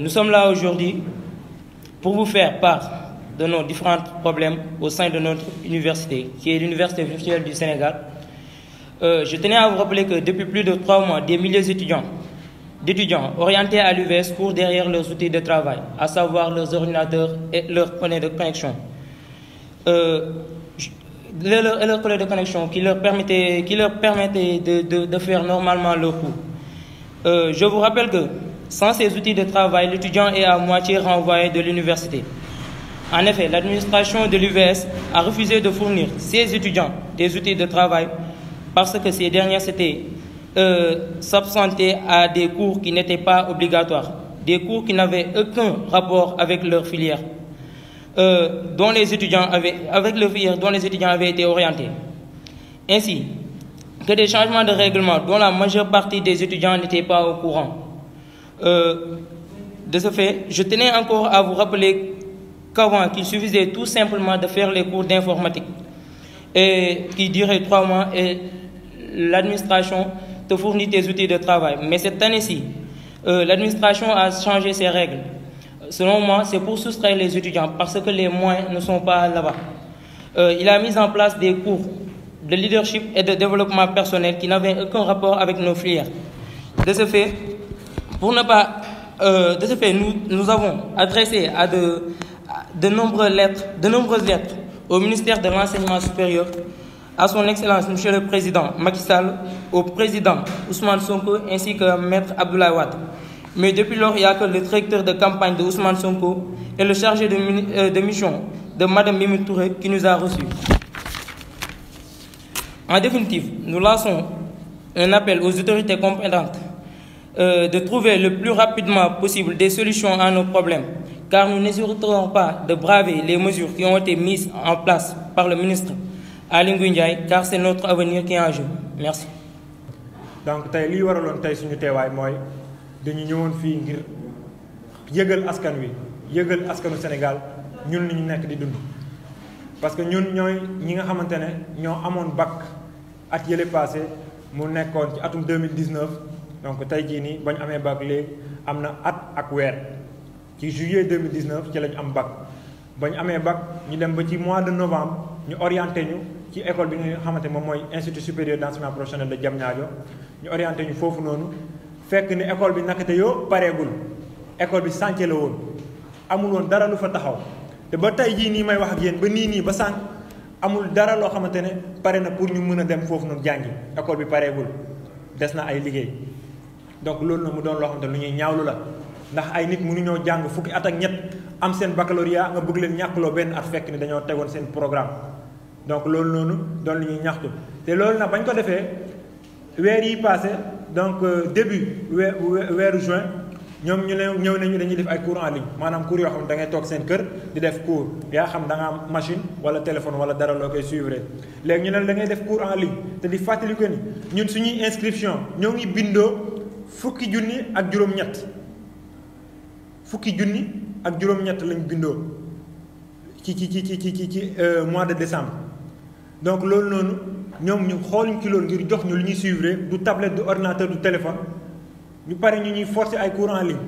Nous sommes là aujourd'hui pour vous faire part de nos différents problèmes au sein de notre université, qui est l'Université virtuelle du Sénégal. Euh, je tenais à vous rappeler que depuis plus de trois mois, des milliers d'étudiants d'étudiants orientés à l'UVS courent derrière leurs outils de travail, à savoir leurs ordinateurs et leurs connets de connexion. Euh, et de connexion qui leur permettaient, qui de, de, de, faire normalement leur cours. Euh, je vous rappelle Sans ces outils de travail, l'étudiant est à moitié renvoyé de l'université. En effet, l'administration de l'UVS a refusé de fournir ses étudiants des outils de travail parce que ces derniers s'étaient euh, s'absentaient à des cours qui n'étaient pas obligatoires, des cours qui n'avaient aucun rapport avec leur filière, euh, dont les étudiants avaient, avec leur filière dont les étudiants avaient été orientés. Ainsi, que des changements de règlement dont la majeure partie des étudiants n'étaient pas au courant Euh, de ce fait, je tenais encore à vous rappeler qu'avant, qu'il suffisait tout simplement de faire les cours d'informatique et qui duraient trois mois et l'administration te fournit des outils de travail. Mais cette année-ci, euh, l'administration a changé ses règles. Selon moi, c'est pour soustraire les étudiants parce que les moyens ne sont pas là-bas. Euh, il a mis en place des cours de leadership et de développement personnel qui n'avaient aucun rapport avec nos filières. Pour ne pas, euh, de ce fait, nous, avons adressé à de, à de, nombreuses lettres, de nombreuses lettres au ministère de l'Enseignement supérieur, à son Excellence Monsieur le Président Macky Sall, au Président Ousmane Sonko ainsi que Maître Abdoulaye Wade. Mais depuis lors, il n'y a que le directeur de campagne de Ousmane Sonko et le chargé de, euh, de mission de Madame Mimi Touré qui nous a reçus. En définitive, nous lançons un appel aux autorités compétentes euh, de trouver le plus rapidement possible des solutions à nos problèmes, car nous n'hésiterons pas de braver les mesures qui ont été mises en place par le ministre Aly Ngouille Ndiaye, car c'est notre avenir qui est en donc tey liy waraloon tey suñu teewaay mooy dañu ñëwoon fii ngir yëgal askan wi yëgal askanu Sénégal ñun li ñu nekk di dund parce que ñun ñooy ñi nga xamante ne ñoo amoon bac at yële passé mu nekkoon ci atum 2019 donc tey jii nii ba bañ amee bag léegi am na at ak weer ci juillet 2019 ci lañ am ba ñu amee bac ñu dem ba ci mois de novembre ñu orienté ñu ci école bi nga xamante moom mooy institut supérieur d'enseignement professionnel de Diamniadio ñu orienté ñu foofu noonu fekk ni école bi nakate yoo pareegul école bi chantier la woon amul woon dara lu fa taxaw te ba tey jii nii may wax ak yéen ba nii nii ba sànq amul dara loo xamante ne pare na pour ñu mën a dem foofu noonu jàngi école bi pareegul des na ay liggéey donc loolu na mu doon loo xam te lu ñuy ñaawlu la ndax ay nit mënuñoo jàng fukki at ak ñett am seen baccalauréat nga bëgg leen ñàkkloo benn at fekk ni dañoo tegoon seen programme donc loolu noonu doon lu ñuy ñaxtu te loolu nag bañ ko defee weer yi passé donc euh, début weeru juin ñoom ñu ne ñëw nañu dañuy def ay cours en ligne maanaam cours yoo xam ne da ngay toog seen kër di def cours yaa xam da nga am machine wala téléphone wala dara loo koy suivre léegi ñu ne da ngay def cours en te di fàttali ñun suñuy inscription ñoo ngi bindoo fukki junni ak juróom-ñett fukki junni ak juróom-ñett lañ bindoo ci ci ci ci ci ci euh, mois de décembre donc loolu noonu ñoom ñu xooluñ ci loolu ngir jox ñu lu ñuy suivre du tablette du ordinateur du téléphone ñu pare ñu ñuy forcer ay cours en ligne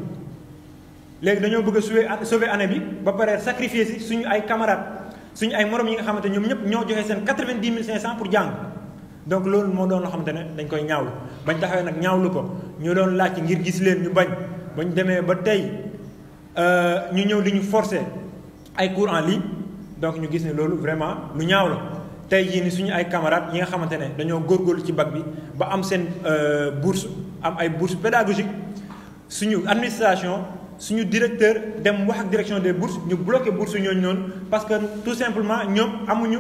léegi dañoo bëgg a sauver bi ba pare sacrifier si ñu ay camarades suñu ay morom yi nga xamante ñoom ñëpp ñoo joxe seen quatre-vingt-dix mille cinq cent pour jàng. donc loolu moo doon loo xamante ne dañ koy ñaawlu bañ taxawee nag ñaawlu ko ñu doon laaj ngir gis leen ñu bañ bañ demee ba tey euh, ñu ñëw di ñu forcer ay cours en ligne donc ñu gis ne loolu vraiment lu ñaaw la tey jii ni suñu ay camarades yi nga xamante ne dañoo góorgóorlu ci bag bi ba am seen euh, bourse am ay bourse pédagogique suñu administration suñu directeur dem wax ak direction des bourses ñu bloqué bourse ñooñu noonu parce que tout simplement ñoom amuñu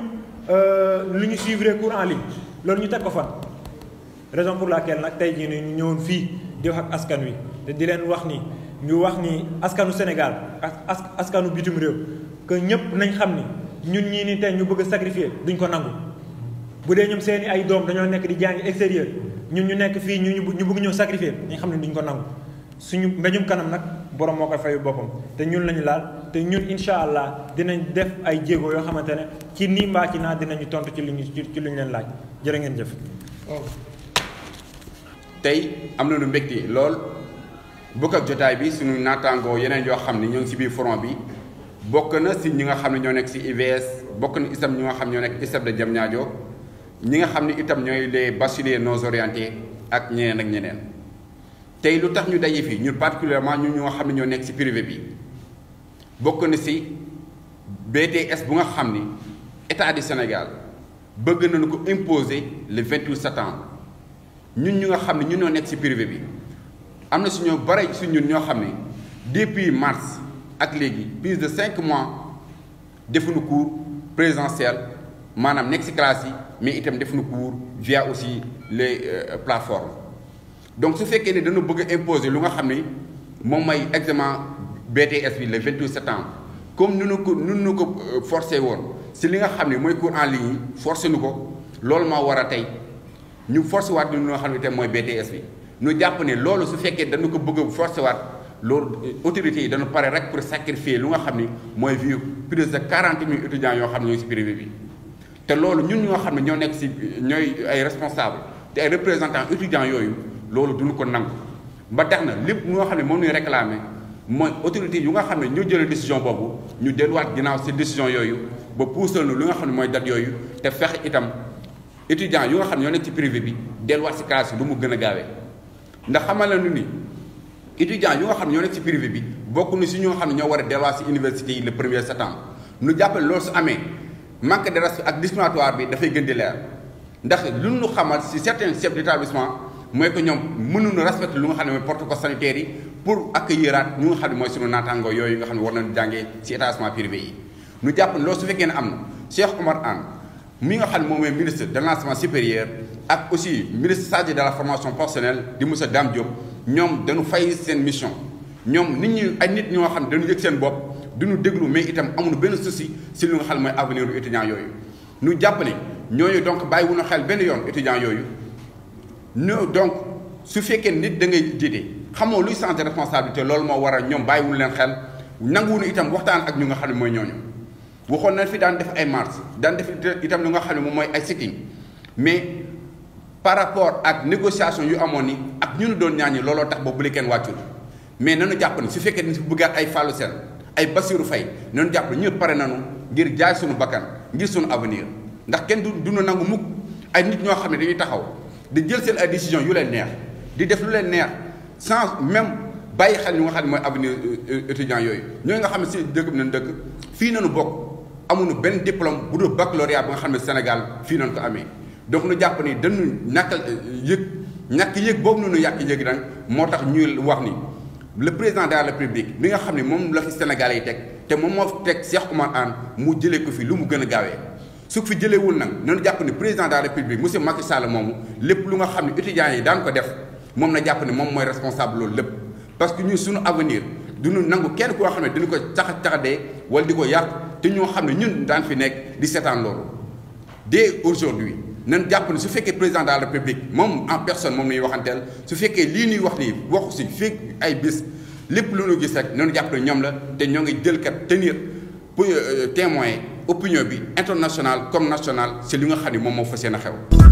euh, lu ñu suivre cours en loolu ñu teg ko fan raison pour laquelle nag tey jii nii ñu ñëwoon fii di wax ak askan wi te di leen wax ni ñu wax ni askanu Sénégal ak askanu bitim réew que ñëpp nañ xam ni ñun ñii ni tey ñu bëgg a sacrifier duñ ko nangu. bu dee ñoom seeni ay doom dañoo nekk di jàngi extérieur ñun ñu nekk fii ñu ñu bëgg ñoo sacrifier dañ xam ne duñ ko nangu suñu mbéjum kanam nag borom moo ko fayu boppam te ñun lañu laal. te ñun incha allah dinañ def ay jéego yoo xamante ne ci nii mbaa ci naa dinañu tontu ci li ñu ci li ñu leen laaj jërë ngeen jëf. Oh. tey am na lu mbégte lool bokk ak jotaay bi suñu naataangoo yeneen yoo xam ne ñoo si biir front bi bokk na si ñi nga xam ne ñoo nekk si IVS bokk na itam ñi nga xam ñoo nekk ISEP de Diamniadio ñi nga xam ne itam ñooy les bacheliers non orientés ak ñeneen ak ñeneen tey lu tax ñu daje fi ñun particulièrement ñun ñoo xam ne ñoo nekk si privé bi. bokk na si BTS bu nga xam ni état du Sénégal bëgg nañu ko imposer le 28 septembre ñun ñu nga xam ne ñu noo nekk si privé bi am na suñu bare si ñun ñoo xam ni depuis mars ak léegi plus de cinq mois defuñu cours présentiel maanaam nekk si classe yi mais itam defuñu cours via aussi les euh, plateformes donc su fekkee ne dañu bëgg a lu nga xam ni moom mooy examen. BTS bi le 28 septembre comme nu nu ko nu nu ko euh, forcé woon si li nga xam ne mooy cours en ligne yi forcé nu ko loolu moo war a tey ñu forcé waat ñu nga xam ne te mooy BTS bi ñu jàpp ne loolu su fekkee dañu ko bëgg forcé waat loolu euh, autorités yi dañu pare rek pour sacrifier lu nga xam ni mooy vie plus de quarante mille étudiants yoo xam ne ñooy si privé bi te loolu ñun ñoo xam ne ñoo nekk si ñooy ay responsable te ay représentants yooyu loolu duñu ko nangu ba tax na lépp ñoo xam ne moom lañu réclamer mooy autorité yu nga xam ne ñoo jëlee décision boobu ñu delluwaat ginnaaw ci décision yooyu ba puusal nu li nga xam ne mooy date yooyu te fexe itam étudiants yu nga xam ne ñoo nekk ci privé bi delluwaat ci classe yi mu gën a gaawee ndax xamal na nu ni étudiants yu nga xam ne ñoo nekk ci privé bi bokk na ci ñu nga xam ne ñoo war a delluwaat si université yi le premier septembre nu jàppale loolu su amee manque de respect ak discriminatoire bi dafay gën di leer ndax lu nu xamal si certains chefs d'établissement mooy que ñoom mënuñu respecté lu nga xam ne mooy protocole sanitaire yi pour accueillir aat ñu nga xam ne mooy sunu naataangoo yooyu nga xam ne war nañu jàngee ci établissement privé yi. ñu jàpp loolu su ne am na Cheikh Oumar Anne mi nga xam ne moom mooy ministre de l'enseignement supérieur ak aussi ministre chargé de la formation professionnelle di Moussa Dame Diop ñoom dañu fay seen mission ñoom nit ñi ay nit ñoo xam ne dañu seen bopp duñu déglu mais itam amuñu benn souci si li nga xam mooy avenir u étudiants yooyu. ñu jàpp ñooñu donc bàyyi wu ñu xel benn yoon étudiants yooyu. non donc su fekkee nit da ngay jiite xamoo luy sens de responsabilité loolu moo waral ñoom bàyyiwul leen xel nanguwuñu itam waxtaan ak ñu nga xam ne mooy ñooñu. waxoon na fi daan def ay marches daan def itam lu nga xam ne moom mooy ay sitting mais par rapport ak négociation yu amoon ni ak ñu nu doon ñaañi looloo tax ba bu leen kenn wàccul mais nanu jàpp ne su fekkee ni su bëggaat ay Fallou seen ay basiiru fay nanu jàpp ne ñëpp pare nanu ngir jaay suñu bakkan ngir suñu ndax kenn du du nangu mukk ay nit ñoo xam ne dañuy taxaw. di jël seen ay décision yu leen neex di def lu leen neex sans même bàyyi xel ñu nga xam ne mooy avenir euh, étudiants yooyu ñooy nga xam ne si dëkk bi nañ dëkk fii nañu bokk amuñu benn diplôme bu dul baccalauréat bi nga xam ne Sénégal fii nañ ko amee donc nu jàpp ni dañu ñàkkal euh, yëg ñàkk yëg boobu noonu yàq yëg nag moo tax ñuy wax ni le président de la république nga xam ne moom la fi Sénégal yi teg te moom moo teg Cheikh Oumar Anne mu jëlee ko fii lu mu gën a gaawee su fi jëlewul nag nañu jàpp ne président de la république monsieur Macky Sall moomu lépp lu nga xam ne étudiants yi daan ko def moom na jàpp ne moom mooy responsable loolu lépp parce que ñun suñu avenir duñu nangu kenn koo xam ne dañu ko caxa caxadee wala di ko yàq te ñoo xam ne ñun daan fi nekk di seetaan loolu dès aujourd'hui nan jàpp ne su fekkee président de la république moom en personne moom nañuy waxanteel su fekkee lii nuy wax nii waxu si fii ay bis lépp lu ñu gis rek nañu jàpp ne ñoom la te ñoo ngi jël kat tenir pour euh, témoin opinion bi internationale comme nationale c'est li nga xam ne moom moo fas yéene xew.